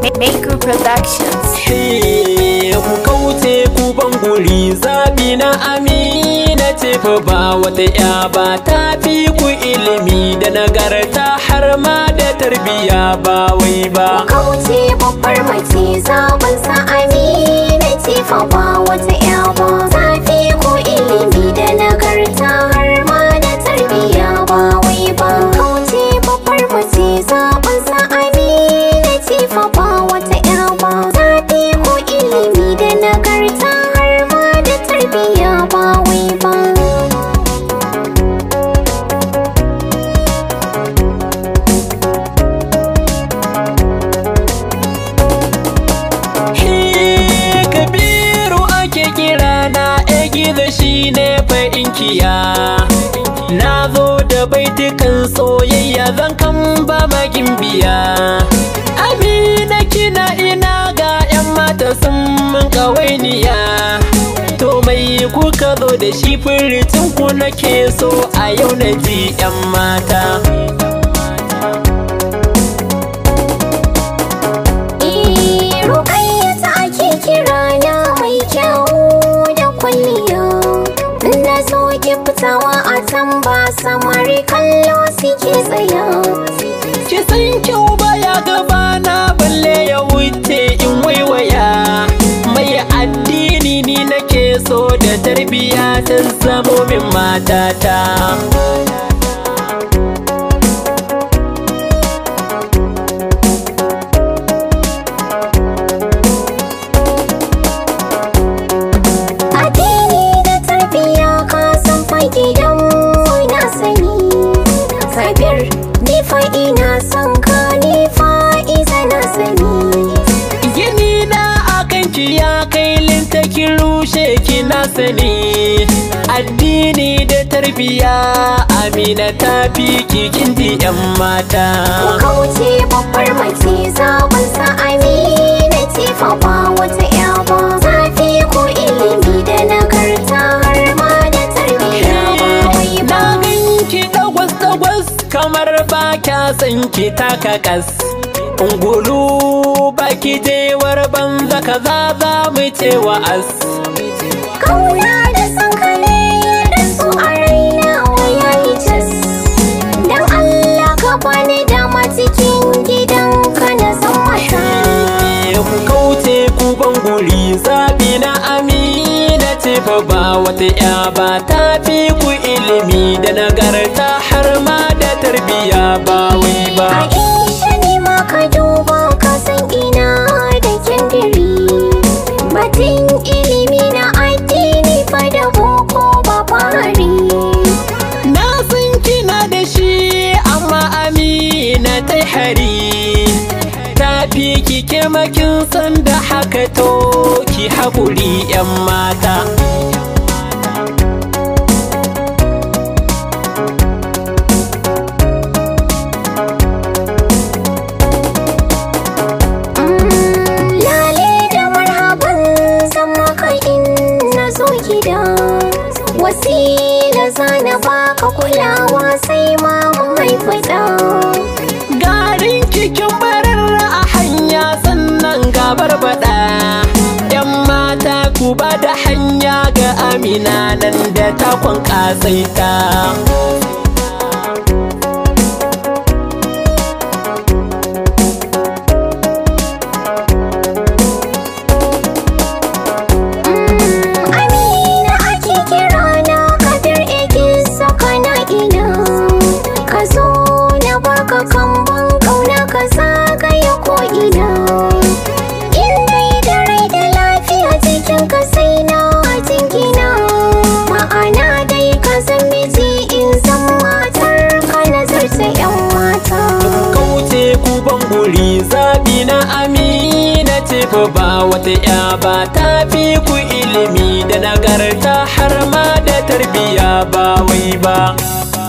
Maker Productions. Eh, ku kauce ku banguri zabi na amina ce fa ba wata ya ba ta fi ku ilimi da nagarta har ma da tarbiya ba wai ba. Ku kauce babbar mace zaɓin sa amina ce fa ba wata ya ba. dukiya na zo da baitukan soyayya zan kan ba magin biya amina kina ina ga yan mata sun mun kawainiya to mai kuka zo da shi furitin ku nake so a yau na ji yan mata tawa a can ba samari kallo suke tsaya san kyau gaba gabana balle ya wuce in waiwaya mai addini ni nake so da tarbiya ta zamo min matata na sani addini da tarbiya amina ta fi kikin di yan mata kauce babbar mace zagon sa amina ce fa wata 'ya'wa. zafi ko ilimi da nagarta har ma da tarbiya ba na ganki dagwas dagwas kamar ba kya san ki taka kas Ungulu baki jewar banza kaza za mu ce wa as Kauna da son ka ne da su a raina wa yayi cas Dan Allah ka bani dama cikin gidan ka na zama Ku kauce ku banguri zabi na amina ce fa ba wata ya ba ta fi ku ilimi da nagarta har ma ki ke makin san da haka to ki haƙuri 'yan mata mm, wasila wa baka kulawa sai ma mahaifata garin kikin cikin amina nan da takon ƙasaita haƙuri zaɓi na amina ce fa ba wata ya ba ta fi ku ilimi da nagarta har ma da tarbiya ba wai ba